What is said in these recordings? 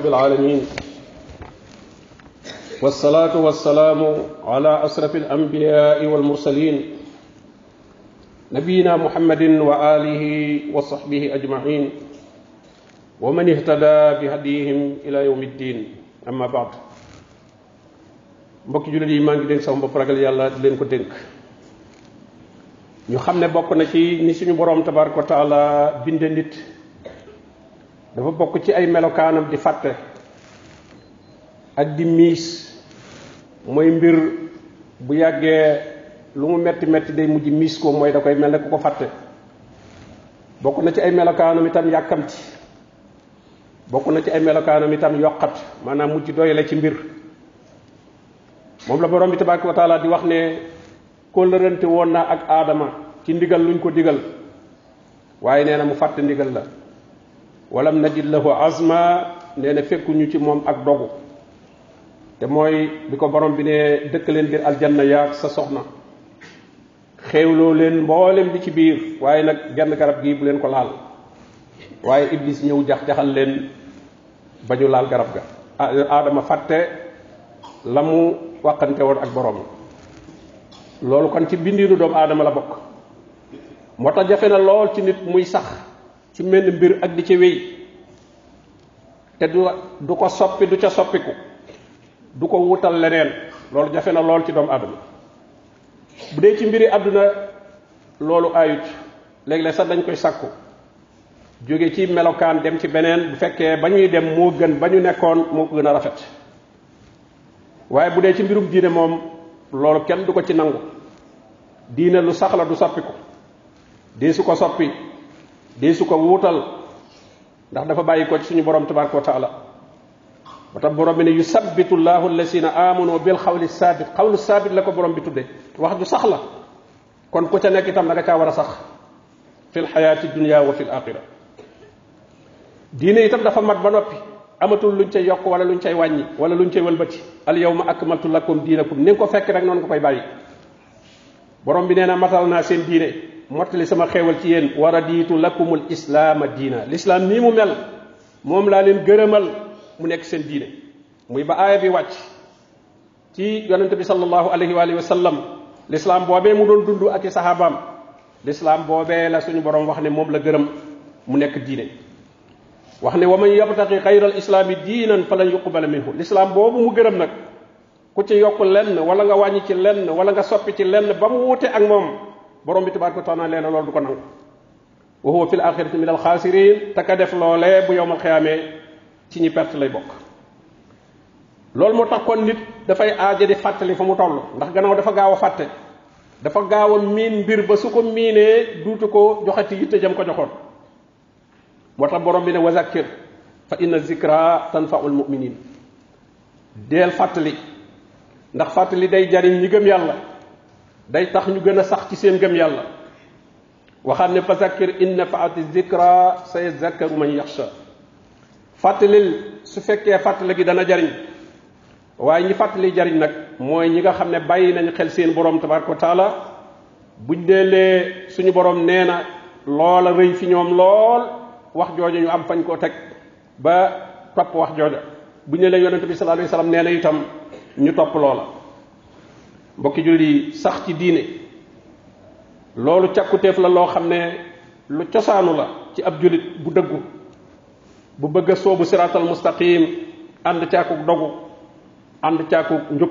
rabbil aalamiin wassalaatu wassalaamu ala asrafi alambiyaai walmursaliin nabiyina muhammadin wa aalihi wa sahbihi ajmain wa man ihtada bi hadiyihim ila yawmi ddin amma baad mbokki jullit yi maa ngi dénk sama bopp ragal yàlla di leen ko dénk ñu xam ne bokk na ci ni suñu boroom tabaraka wa taala binde nit dafa bokk ci ay melokaanam di fàtte ak di miis mooy mbir bu yàggee lu mu metti metti day mujj miis ko mooy da koy mel ne ku ko fàtte bokk na ci ay melokaanam itam yàkkamti bokk na ci ay melokaanam itam yokkat maanaam mujj doy la ci mbir moom la borom bi tabaaraka wa taala di wax ne kóllërante woon naa ak aadama ci ndigal luñ ko digal waaye nee na mu fàtte ndigal la walam najid lahu azma nee na fekkuñu ci moom ak dogu te mooy bi ko borom bi ne dëkk leen biir aljanna yaag sa soxna xéewloo leen mboolem bi ci biir waaye nag genn garab gi bu leen ko laal waaye iblis ñëw jax jaxal leen ba laal garab ga aadama fàtte la mu waqante woon ak borom loolu kon ci bindiinu doom aadama la bokk moo tax jafe na lool ci nit muy sax ci mel mbir ak di ci wéy te du du ko soppi du ca soppiku du ko wutal leneen loolu jafe na lool ci doomu aadama bu dee ci mbiri àdduna loolu ayut léeg-léeg sax dañ koy sàkku jóge ci melokaan dem ci beneen bu fekkee ba ñuy dem moo gën ba ñu nekkoon moo ko gën a rafet waaye bu dee ci mbirum diine moom loolu kenn du ko ci nangu diine lu sax la du soppiku dee su ko soppi dee su ko wutal ndax dafa bàyyi ko ci suñu borom tabaraka wa taala ba tax borom bi ne yusabbitu llahu allazina amanu bil xawli saabit xawlu saabit la ko borom bi tudde wax ju sax la kon ku ca nekk itam da nga caa war a sax fil xayaati dunia wa fil axira diine itam dafa mat ba noppi amatul luñ cay yokk wala luñ cay wàññi wala luñ cay wëlbati al yawma akmaltu lakum diinakum ni nga ko fekk rek noonu ko koy bàyyi borom bi nee na matal naa seen diine mottali sama xéewal ci yéen war a diitu lakkumul islaama diina lislaam nii mu mel moom laa leen gërëmal mu nekk seen diine muy ba aaya bi wàcc ci yonente bi sallallahu alayhi wa alihi wa sallam lislaam boobee mu doon dund ak i saxaabaam lislaam boobee la suñu borom wax ne moom la gërëm mu nekk diine wax ne wa man yabtaqi xayral islaami diinan falan yuqbala minhu lislaam boobu mu gërëm nag ku ci yokk lenn wala nga wàññi ci lenn wala nga soppi ci lenn ba mu wute ak borom bi tabaaraka wa taala leen loolu du ko nangu wa huwa fil axirati min al xaasiriin te ka def loolee bu yowmal xiyaamee ci ñi perte lay bokk loolu moo tax kon nit dafay aaja di fàttali fa mu toll ndax gannaaw dafa gaaw a fàtte dafa gaaw miin mbir ba su ko miinee duutu ko joxati yitte jam ko joxoon moo tax borom bi ne wa fa inna zikra tanfaul muminin deel fàttali ndax li day jariñ ñi gëm yàlla day tax ñu gën a sax ci seen gëm yàlla waxaat ne fazakir in nafaati zikra sayazakkaru man yaxsha fàttalil su fekkee fàttale gi dana jariñ waaye ñi fàttali jariñ nag mooy ñi nga xam ne bàyyi nañ xel seen borom tabaraka wa taala buñ deelee suñu borom nee na loola rëy fi ñoom lool wax jooja ñu am fañ koo teg ba topp wax jooja buñ ne lee yonente bi sallallahu alayhi nee na itam ñu topp loola mbokki julli sax ci diine loolu càkkutéef la loo xam ne lu cosaanu la ci ab jullit bu dëggu bu bëgg a soobu siraatal mustaqim ànd caakuk dogu ànd caakuk njub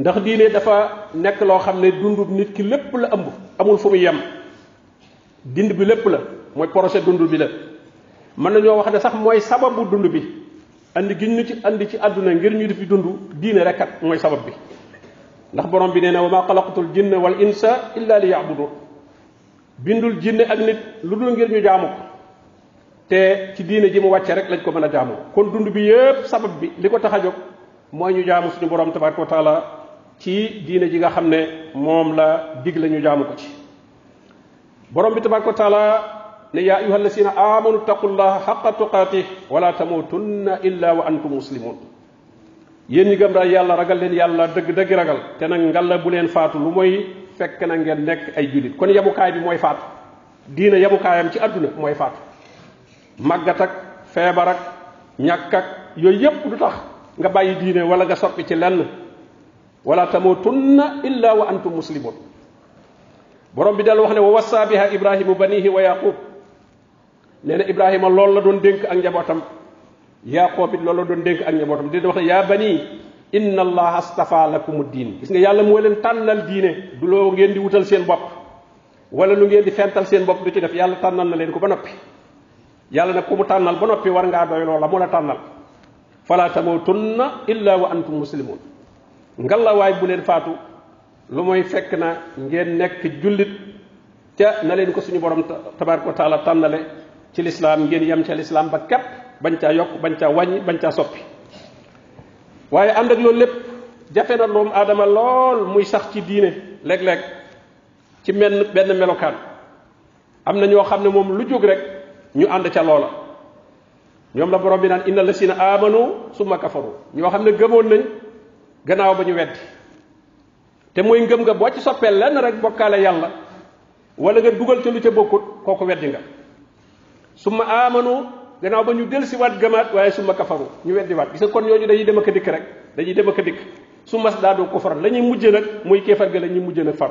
ndax diine dafa nekk loo xam ne dundu nit ki lépp la ëmb amul fu mu yem dind bi lépp la mooy projet dund bi la mën nañoo wax ne sax mooy sababu dund bi andi giñ ñu ci andi ci àdduna ngir ñu di fi dund diine rekkat mooy sabab bi ndax borom bi nee na wa ma xalaqatul jinna wal insa illa li yaabudu bindul ak nit lu dul ngir ñu jaamu ko te ci diine ji mu wàcce rek lañ ko mën a jaamu kon dund bi yépp sabab bi li ko tax a jóg mooy ñu jaamu suñu borom tabaraka wa taala ci diine ji nga xam ne moom la dig la ñu jaamu ko ci borom bi tabaraka wa taala ne yaa ayuha allasina amanu taqullaha xaqa tuqaatih wala tamutunna illa wa antum muslimun yéen ñi gëm daal yàlla ragal leen yàlla dëgg dëgg ragal te nag ngalla bu leen faatu lu mooy fekk na ngeen nekk ay jullit kon yamukaay bi mooy faatu diina yamukaayam ci àdduna mooy faatu màggat ak feebar ak ñàkk ak yooyu yépp du tax nga bàyyi diine wala nga soppi ci lenn wala tamutunna illa wa antum muslimun borom bi dal wax ne wa wassa biha ibrahimu banihi wa yaqub nee na ibrahima loolu la doon dénk ak njabootam Yaaqoob it loolu doon dénk ak njabootam di wax ne yaa bani inna allaha astafa lakumu diin gis nga yàlla moo leen tànnal diine du loo ngeen di wutal seen bopp wala lu ngeen di fental seen bopp du ci def yàlla tànnal na leen ko ba noppi yàlla nag ku mu tànnal ba noppi war ngaa doy loola mu la tànnal fala tamutunna illa wa antum muslimun ngalawaay bu leen faatu lu mooy fekk na ngeen nekk jullit ca na leen ko suñu borom tabaraka wa taala tànnale ci ngeen yem ca bañ caa yokk bañ caa wàññi bañ caa soppi waaye ànd ak loolu lépp jafe na doomu aadama lool muy sax ci diine léeg-léeg ci menn benn melokaan am na ñoo xam ne moom lu jóg rek ñu ànd ca loola ñoom la borom bi naan inna lasina amanu summa kafaru ñoo xam ne gëmoon nañ gannaaw ba ñu weddi te mooy ngëm nga boo ci soppee lenn rek bokkaale yàlla wala nga dugal te lu ca bokkut kooku weddi nga summa amanu gannaaw ba ñu delsi waat gëmaat waaye summa kafaru ñu weddi waat gis nga kon ñooñu dañuy dem ak dikk rek dañuy dem ak dikk su mas daa doo ko far la ñuy mujj nag muy kéefar ga la ñuy mujj nag far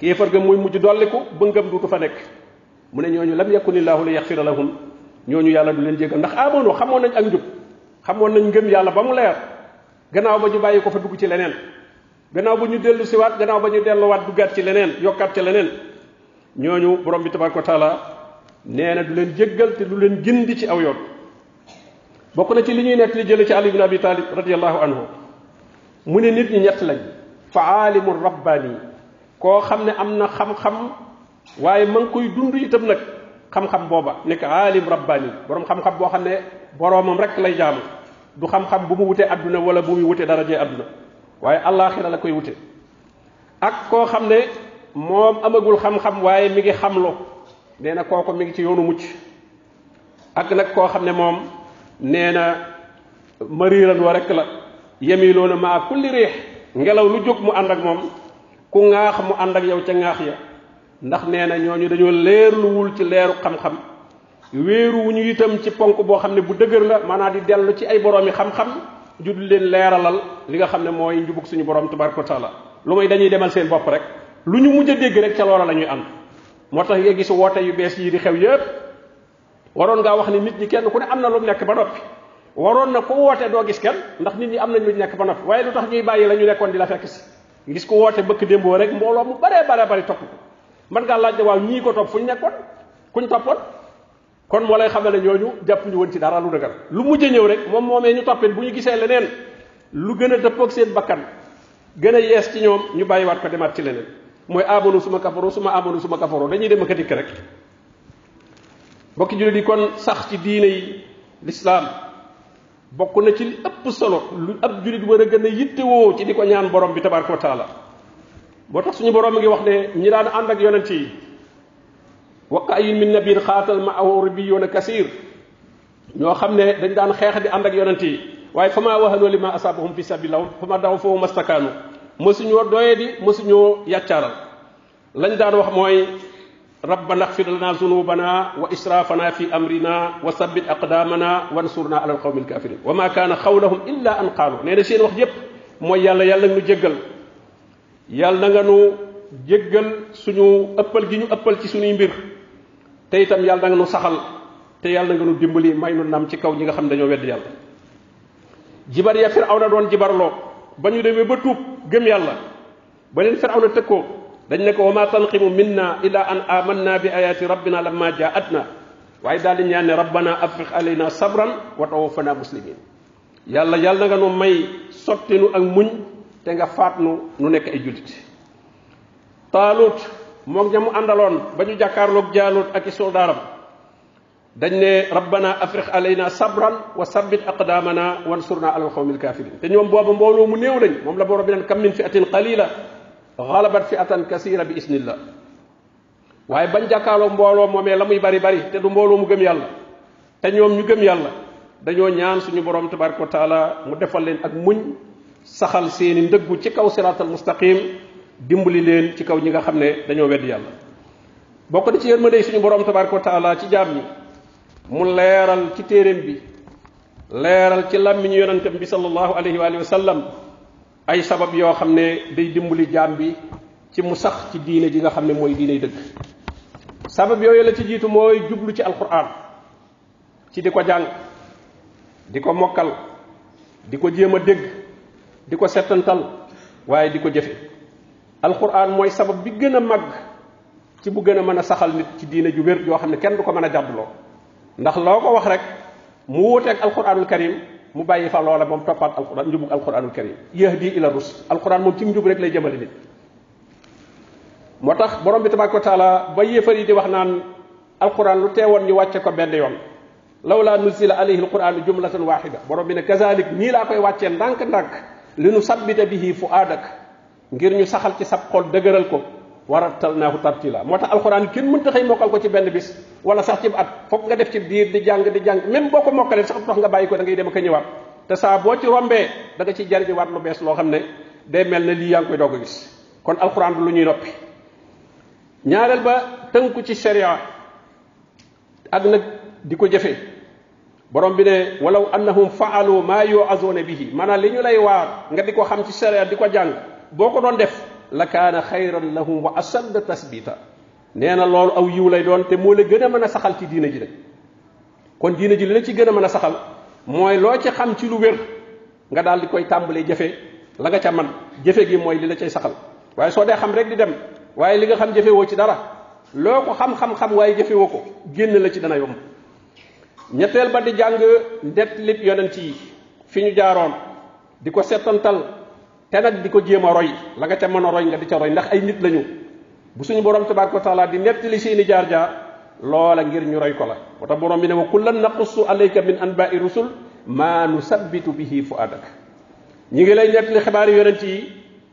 kéefar ga muy mujj dolliku ba ngëm duutu fa nekk mu ne ñooñu lam yakunillaahu li yaxfira lahum ñooñu yàlla du leen jéggal ndax amoon xamoon nañ ak njub xamoon nañ ngëm yàlla ba mu leer gannaaw ba ñu bàyyi ko fa dugg ci leneen gannaaw ba ñu dellu siwaat gannaaw ba ñu delluwaat duggaat ci leneen yokkaat ci leneen ñooñu borom bi tabaraka wa taala nee na du leen jéggal te du leen gindi ci aw yoon bokk na ci li ñuy nekk li jële ci ali bin abi talib radiallahu anhu mu ne nit ñi ñett lañ fa aalimu rabbaani koo xam ne am na xam-xam waaye ma koy dund itam nag xam-xam booba nekk aalim rabbaani boroom xam-xam boo xam ne boroomam rek lay jaamu du xam-xam bu mu wutee àdduna wala bu muy wutee darajee àdduna waaye allaaxira la koy wute ak koo xam ne moom amagul xam-xam waaye mi ngi xamlo nee na kooku mi ngi ci yoonu mucc ak nag koo xam ne moom nee na mariiran wa rek la yemiloona maa kulli riix ngelaw lu jóg mu ànd ak moom ku ŋaax mu ànd ak yow ca ŋaax ya ndax nee na ñooñu dañoo leerluwul ci leeru xam-xam wéeru wu ñu itam ci ponk boo xam ne bu dëgër la maanaam di dellu ci ay boroomi xam-xam ju du leen leeralal li nga xam ne mooy njubug suñu borom tabaraka taala lu may dañuy demal seen bopp rek lu ñu mujj dégg rek ca loola la ñuy ànd moo tax nga gisu woote yu bees yii di xew yépp waroon ngaa wax ni nit ñi kenn ku ne am na lu nekk ba noppi waroon na ku woote doo gis kenn ndax nit ñi am nañ lu nekk ba noppi waaye lu tax ñuy bàyyi la ñu nekkoon di la fekk si gis ko woote bëkk démboo rek mbooloo mu baree baree bari topp ko man ngaa laaj ne waaw ñii ko topp fu ñu nekkoon kuñ toppoon kon moo lay xamal ne ñooñu jàpp ñu woon ci dara lu dëgër lu mujj ñëw rek moom moomee ñu toppin bu ñu gisee leneen lu gën a bakkan gën a yees ci ñoom ñu bàyyiwaat ko demaat ci leneen mooy amanu suma kafaro suma amanu suma kafaro dañuy dem ak dikk rek bokki jullit yi kon sax ci diine yi lislaam bokk na ci li ëpp solo lu ab jullit war a gën a yittewoo ci di ko ñaan borom bi tabaraka wa taala boo tax suñu borom ngi wax ne ñi daan ànd ak yonent yi wa ka'ayyin min nabiyyin xaatal ma ma'ahu ribbiyyuuna kasiir ñoo xam ne dañ daan xeex di ànd ak yonent yi waaye fa maa wahanuu limaa asaabahum fi sabiilillaahi wa maa da'ufuu wa maa stakaanuu mësuñoo doyadi mësuñoo yàccaaral lañ daan wax mooy rab rabbana xfir lana zunubana wa israfana fi amrina wa sabbit aqdamana wansurna ala alqawmi alkafirin wa ma kaana xawlahum illa an qaalu nee na seen wax yépp mooy yàlla yàlla nga nu jéggal yàlla nga nu jéggal suñu ëppal gi ñu ëppal ci suñuy mbir te itam yàlla nga nu saxal te yàlla nga nu dimbali may nu nam ci kaw ñi nga xam dañoo wedd yàlla jibar ya fir aw na doon jibarloo ba gëm yàlla ba leen firawna tëkkoo dañ ne ko wa ma tanqimu minna ila an amanna bi ayati rabbina lamma jaatna waaye daal di ñaan ne rabbana afriq alayna sabran wa tawaffana muslimin yàlla yàlla nga nu may sottinu ak muñ te nga faat nu nekk ay jullit taalut moog ña àndaloon ba ñu jàkkaarloog jaalut ak i soldaaram dañ ne rabbana afriq alayna sabran wa sabbit aqdamana wansurna alal qawmil kafirin te ñoom booba mbooloo mu néew lañ moom la borom bi naan kam min fi'atin qalila ghalabat fi'atan kasira bi isnillah waaye bañ jàkkaaloo mbooloo moomee la muy bari bari te du mbooloo mu gëm yàlla te ñoom ñu gëm yàlla dañoo ñaan suñu borom tabaraka wa mu defal leen ak muñ saxal seeni ndëggu ci kaw siraatal mustaqim dimbali leen ci kaw ñi nga xam ne dañoo wedd yàlla bokk na ci suñu borom tabaraka wa ci jaam ñi mu leeral ci téeréem bi leeral ci làmmiñu yonentam bi sallallahu alayhi wa sallam ay sabab yoo xam ne day dimbali jaam bi ci mu sax ci diine ji nga xam ne mooy diiney dëgg sabab yooyu la ci jiitu mooy jublu ci alquran ci di ko jàng di ko mokkal di ko jéem a dégg di ko settantal waaye di ko jëfe alquran mooy sabab bi gën a mag ci bu gën a mën a saxal nit ci diine ju wér yoo xam ne kenn du ko mën a jàdduloo ndax loo ko wax rek mu wuuteeg alquranul karim mu bàyyi fa loola moom toppaat al njubug alquranul karim yahdi ila rus alquran moom ci njub rek lay jëmale nit moo tax borom bi tabaraka wa taala ba yéefar yi di wax naan alquran lu teewoon ñu wàcce ko benn yoon law laa lawla nuzila alayhi alquran jumlatan waxida borom bi ne kazalik nii laa koy wàccee ndànk-ndànk li nu sabbita bihi fuaadak ngir ñu saxal ci sab xol dëgëral ko warattal naa ko tartila moo tax alxuraan kenn mënta xëy mokkal ko ci benn bis wala sax ci at foog nga def ci diir di jàng di jàng même boo ko mokkalee sax tax ko da ngay dem ko ñëwaat te saa boo ci rombee da nga ciy jariñuwaat lu bees loo xam ne day mel na lii yaa ngi koy doog a gis kon alxuraan du lu ñuy noppi ñaareel ba ko ci sharia ak nag di ko jëfe borom bi ne walaw annahum faalu maa yuazuna bihi maanaam li ñu lay waar nga di ko xam ci sharia di ko jàng boo ko doon def la kaana xayran lahum wa ashadd tasbita nee na loolu aw yiw lay doon te moo la gën a mën a saxal ci diina ji de kon diina ji li la ci gën a mën a saxal mooy loo ci xam ci lu wér nga daal di koy tàmbalee jafe la nga ca man jafe gi mooy li la cay saxal waaye soo dee xam rek di dem waaye li nga xam jafewoo ci dara loo ko xam-xam-xam waaye jafe woo ko génn la ci dana yomb ñetteel ba di jàng ndet lit yonent yi fi ñu jaaroon di ko settantal te nag di ko jéem a roy la nga ca mën a roy nga di ca roy ndax ay nit lañu bu suñu borom tabaraka wa taala di nettali seeni jaar-jaar loola ngir ñu roy ko la moo tax borom bi ne wa kullan naqussu alayka min anba'i rusul maa bi bihi fuadak ñi ngi lay nettali xibaari yonent yi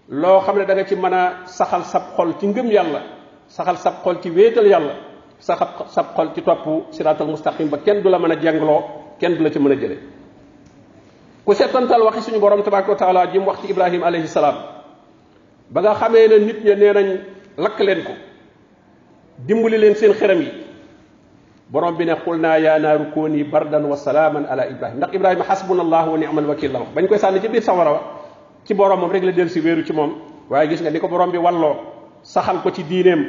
loo xam ne da nga ci mën a saxal sab xol ci ngëm yàlla saxal sab xol ci wéetal yàlla saxal sab xol ci topp siraatal mustaqim ba kenn du la mën a jengloo kenn du la ci mën a jële ku settantal waxi suñu borom tabaraka wa taala ji wax ci ibrahim alayhi ba nga xamee ne nit ña nee nañ lakk leen ko dimbali leen seen xeram yi borom bi ne xul naa yaa naaru kooni bardan wa salaaman ala ibrahim ndax ibrahima xasbunallahu wa ni'mal wakil la wax bañ koy sànni ci biir sawara wa ci boromam rek la del si wéeru ci moom waaye gis nga ni ko borom bi walloo saxal ko ci diineem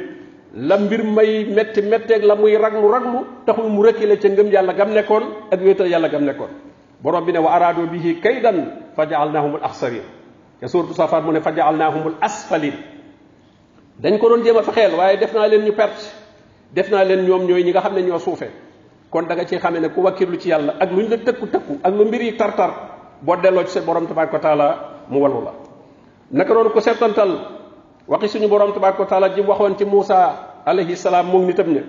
la mbir may métti métteeg la muy raglu raglu taxul mu rëkkile ca ngëm yàlla gam nekkoon ak wéetal yàlla gam nekkoon borom bi ne wa araado bihi kaydan fa jaalnaahumul axsarin te suuratu safaat mu ne fa jaalnaahumul asfalin dañ ko doon jéem a fexeel waaye def naa leen ñu perte def naa leen ñoom ñooy ñi nga xam ne ñoo suufe kon da nga ci xam ne ku wakkirlu ci yàlla ak lu ñu la tëkku tëkku ak lu mbir yi tar-tar boo delloo ci sa borom tabaaraka wa mu wallu la naka noonu ko seetantal waxi suñu borom tabaaraka wa taala ji waxoon ci Muusa alayhi salaam moom nitam ña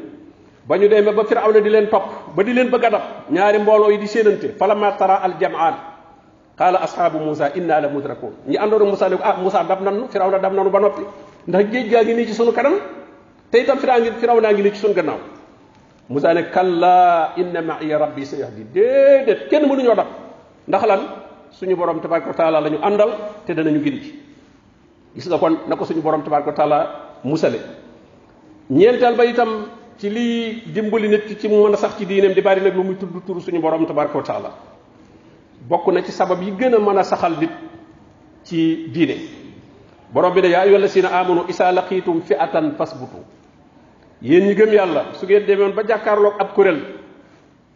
ba ñu demee ba na di leen topp ba di leen bëgg a ñaari mbooloo yi di séenante falamma tara aljamaan qaala ashaabu Muusa inna la mudrakuun ñi àndoon Muusa ne ko ah Muusa dab nanu firawna dab nanu ba noppi ndax géej gaa ngi nii ci sunu kanam te itam firaa ngi firawna ngi nii ci sunu gannaaw Muusa ne kallaa inna ma'iya rabbi sayahdi déedéet kenn mënuñoo dab ndax lan suñu borom tabaaraka wa taala la ñu àndal te danañu gindi gis nga kon na ko suñu borom tabaaraka wa taala musale ñeenteel ba itam ci lii dimbali nit ki ci mu mën a sax ci diineem di bari nag lu muy tudd tur suñu borom tabaraka wa taala bokk na ci sabab yi gën a mën a saxal nit ci diine borom bi ne yaa ayyuhal lazina amanu isaa laqiitum fi'atan fasbutu yéen ñi gëm yàlla su ngeen demoon ba jàkkaarloog ab kuréel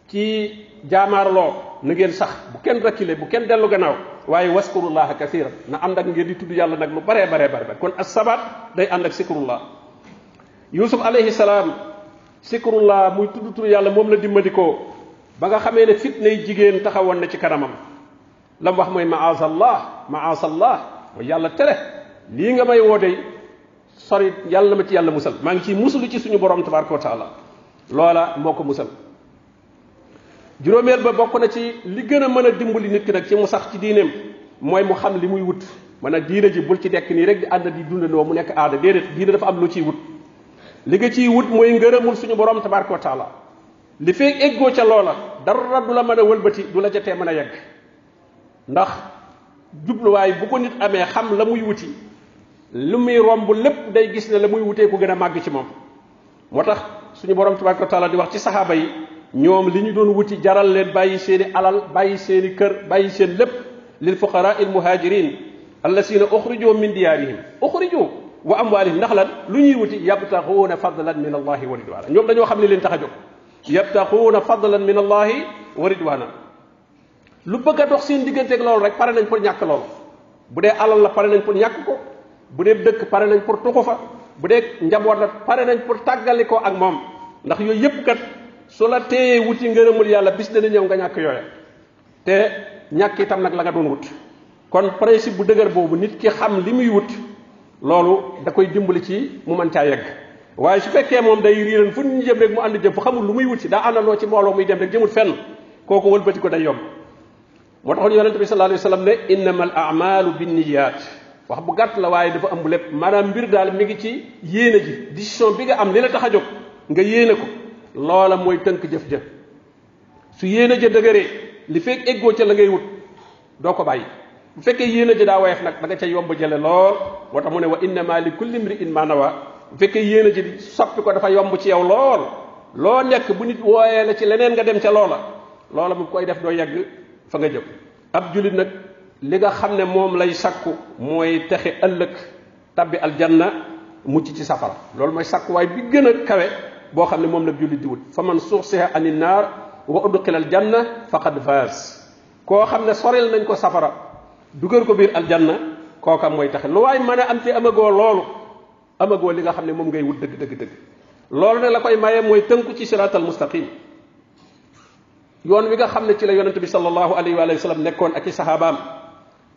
ci jaamaarloo na ngeen sax bu kenn rakkile bu kenn dellu gannaaw waaye waskurullaha kasiran na ànd ak ngeen di tudd yàlla nag lu baree baree bare kon as sabaat day ànd ak sikrullah sikrullah muy tudd tur yàlla moom la dimbali ba nga xamee ne fit nay jigéen taxawoon na ci kanamam la mu wax mooy ma maazallah maazallah mooy yàlla tere lii nga may wootee sori yàlla na ma ci yàlla musal maa ngi ciy musulu ci suñu borom tabaraka wa taala loola moo ko musal juróomeel ba bokk na ci li gën a mën a dimbali nit ki nag ci mu sax ci diineem mooy mu xam li muy wut man a diine ji bul ci dekk nii rek di ànd di dundandoo mu nekk aada déedéet diine dafa am lu ciy wut li nga ciy wut mooy ngërëmul suñu borom tabaraka wa taala li fee eggoo ca loola dara du la mën a wëlbati du la ca tee mën a yegg ndax jubluwaay bu ko nit amee xam la muy wuti lu muy romb lépp day gis ne la muy wutee ku gën a màgg ci moom moo tax suñu borom tabaraka wa di wax ci saxaaba yi ñoom li ñu doon wuti jaral leen bàyyi seeni alal bàyyi seeni kër bàyyi seen lépp lil fuqara il muhajirin allasina uxrijoo min diyaarihim uxrijoo wa amwaalihim ndax lan lu ñuy wuti yabtaxuuna fadlan min allahi wa ridwaana ñoom dañoo xam ne leen tax a jóg yabtaxuuna fadlan min allahi wa ridwaana lu bëgg a dox seen digganteeg loolu rek pare nañ pour ñàkk loolu bu dee alal la pare nañ pour ñàkk ko bu dee dëkk pare nañ pour tuxu fa bu dee njaboot la pare nañ pour tàggali ko ak moom ndax yooyu yëpp kat su la téyee wuti ngërëmul yàlla bis dana ñëw nga ñàkk yooya te ñàkk itam nag la nga doon kon principe bu ki xam li muy wut loolu da koy dimbali ci mu mën caa yegg waaye su fekkee moom day riiran fu ñu jëm rek mu ànd jëm fu xamul lu muy wut si daa àndandoo ci mbooloo muy dem rek jëmul fenn kooku wëlbati ko day yomb moo taxoon yonente bi sallallahu alayhi wasallam ne innamal a'malu binniyat wax bu gàtt la waaye dafa ëmb lépp maanaam mbir daal mi ngi ci yéene ji décision bi nga am li tax a jóg nga yéene ko loola mooy tënk jëf jëf su yéene ja dëgëree li fekk eggoo ca la ngay wut doo ko bàyyi bu fekkee yéene ji daa woyof nag da nga ca yomb jële lool moo tax mu ne wa innama li kulli mri'in ma nawa bu fekkee yéene ji soppi ko dafa yomb ci yow lool loo nekk bu nit wooyee la ci leneen nga dem ca loola loola bu koy def doo yegg fa nga jëm ab julit nag li nga xam ne moom lay sakku mooy texe ëllëg tabbi aljanna mucc ci safara loolu mooy sakkuwaay bi gën a kawe boo xam ne moom la jullit di wut fa man suxsiha ani naar wa udxila aljanna faqad faas koo xam ne sorel ko safara dugal ko biir aljanna kooka mooy taxe lu waaye mën a am ci amagoo loolu amagoo li nga xam ne moom ngay wut dëgg dëgg dëgg loolu ne la koy maye mooy tënk ci siraatal mustaqim yoon wi nga xam ne ci la yonent bi sallallahu alayhi wa sallam nekkoon ak i saxaabaam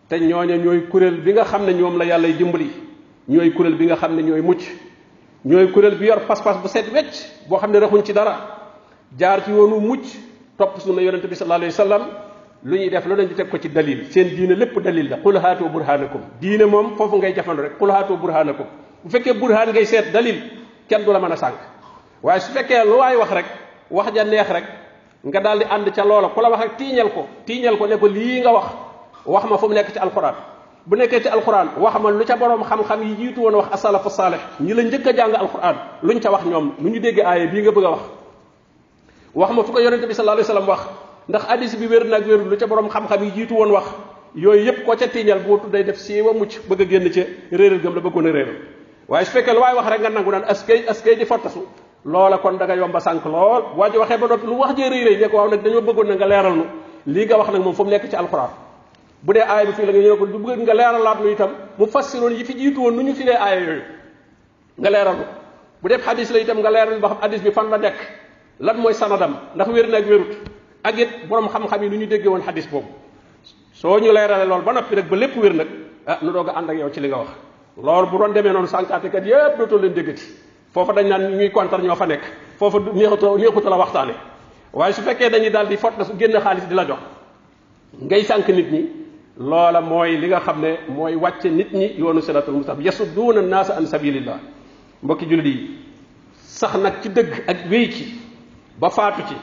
te ñooña ñooy kuréel bi nga xam ne ñoom la yàllay dimbali ñooy kuréel bi nga xam ne ñooy mucc ñooy kuréel bi yor pas-pas bu set wecc boo xam ne raxuñ ci dara jaar ci yoonu mucc topp sunna yonent bi sallallahu alayhi wa lu ñuy def lu nañ ñu teg ko ci dalil seen diine lépp dalil la qul haatu burhanakum diine moom foofu ngay jafandu rek qul haatu burhanakum bu fekkee burhaan ngay seet dalil kenn du la mën a sànk waaye su fekkee lu waay wax rek wax ja neex rek nga daal di ànd ca loola ku la wax rek tiiñal ko tiiñal ko ne ko lii nga wax wax ma fu mu nekk ci alquran bu nekkee ci alquran wax ma lu ca boroom xam-xam yi jiitu woon wax asalafu saalih ñi la njëkk a jàng alquran luñ ca wax ñoom ñu dégg aaya bii nga bëgg a wax wax ma fu ko yonente bi sallallahu alayhi wasallam wax ndax hadis bi wér nag wérul lu ca borom xam-xam yi jiitu woon wax yooyu yépp ko ca tiiñal boo tuddee def siiwa mucc bëgg a génn ca réeral gëm la bëggoon a réeral waaye su fekkee lu waay wax rek nga nangu naan askay askay di fottasu loola kon da nga yomba sànk lool waxee ba noppi lu wax jee rëy rëy ne nga leeral nu lii nga wax nag moom fu mu nekk ci alxuraan bu dee aaya bi fii la nga ñëw ko du bëgg nga leeralaat nu dee aaya yooyu nga leeral nu bu def hadis la itam bi fan la nekk lan mooy sanadam ndax wér na ak wérut ak it borom xam-xam yi lu ñu déggee woon xadis boobu soo ñu leerale loolu ba noppi rek ba lépp wér nag ah nu doog a ànd ak yow ci li nga wax loolu bu doon demee noonu sànkaatekat yépp dootoo leen déggati foofa dañ naan ñuy kontar ñoo fa nekk foofa neexutu neexutu la waxtaane waaye su fekkee dañuy daal di fot na su génn xaalis di la jox ngay sànq nit ñi loola mooy li nga xam ne mooy wàcce nit ñi yoonu siratul mustaqim yasudduuna naasa an sabilillah mbokki jullit yi sax nag ci dëgg ak wéy ba faatu ci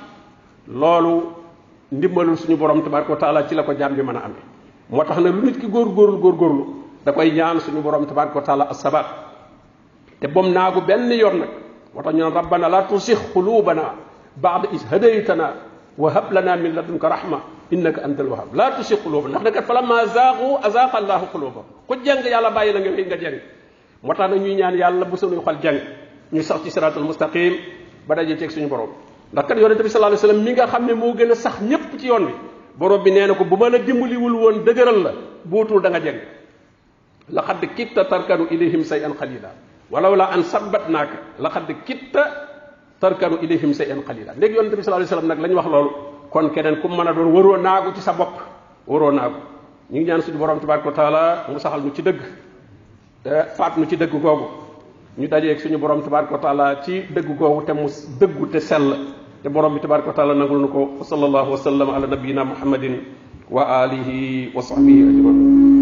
ndimbalul suñu borom tabaraka wa taala ci la ko jaam bi mën a amee moo tax na lu nit ki góor góor da koy ñaan suñu borom tabaraka wa taala asabat te bom naagu benn yoon nag moo tax ñu naan rabbana la tusix xuluubana baada is hadaytana wa hab lana min ladunka rahma innaka anta al wahab la tusix xuluubana ndax nag kat falamma zaaxu azaaqa allahu xuluuba ku jeng yàlla bàyyi la nga nga jeng moo tax nag ñuy ñaan yàlla bu suñuy xol jeng ñu sax ci siraatul mustaqim ba daje ceeg suñu borom ndax kat yonente bi sallallahu alayhi mi nga xam ne moo gën a sax ñépp ci yoon bi borom bi nee na ko bu mën a dimbaliwul woon dëgëral la bootul da nga jeg laqad kitta tarkanu ilayhim say an xalila walaw la an sabbat naaka laqad kitta tarkanu ilayhim say an xalila léegi yonente bi sallallahu alayhi wasallam nag la ñu wax loolu kon keneen ku mën a doon waroo naagu ci sa bopp waroo naagu ñu ngi ñaan suñu borom tabaraka wa taala mu saxal nu ci dëgg faat nu ci dëgg googu ñu dajeeg suñu borom tabaraka wa taala ci dëgg googu te mu dëggu te sell te borom bi tabaraka wa taala nangul nu ko wa sallallahu wa sallam ala nabiyina muhammadin wa alihi wa sahbihi ajmain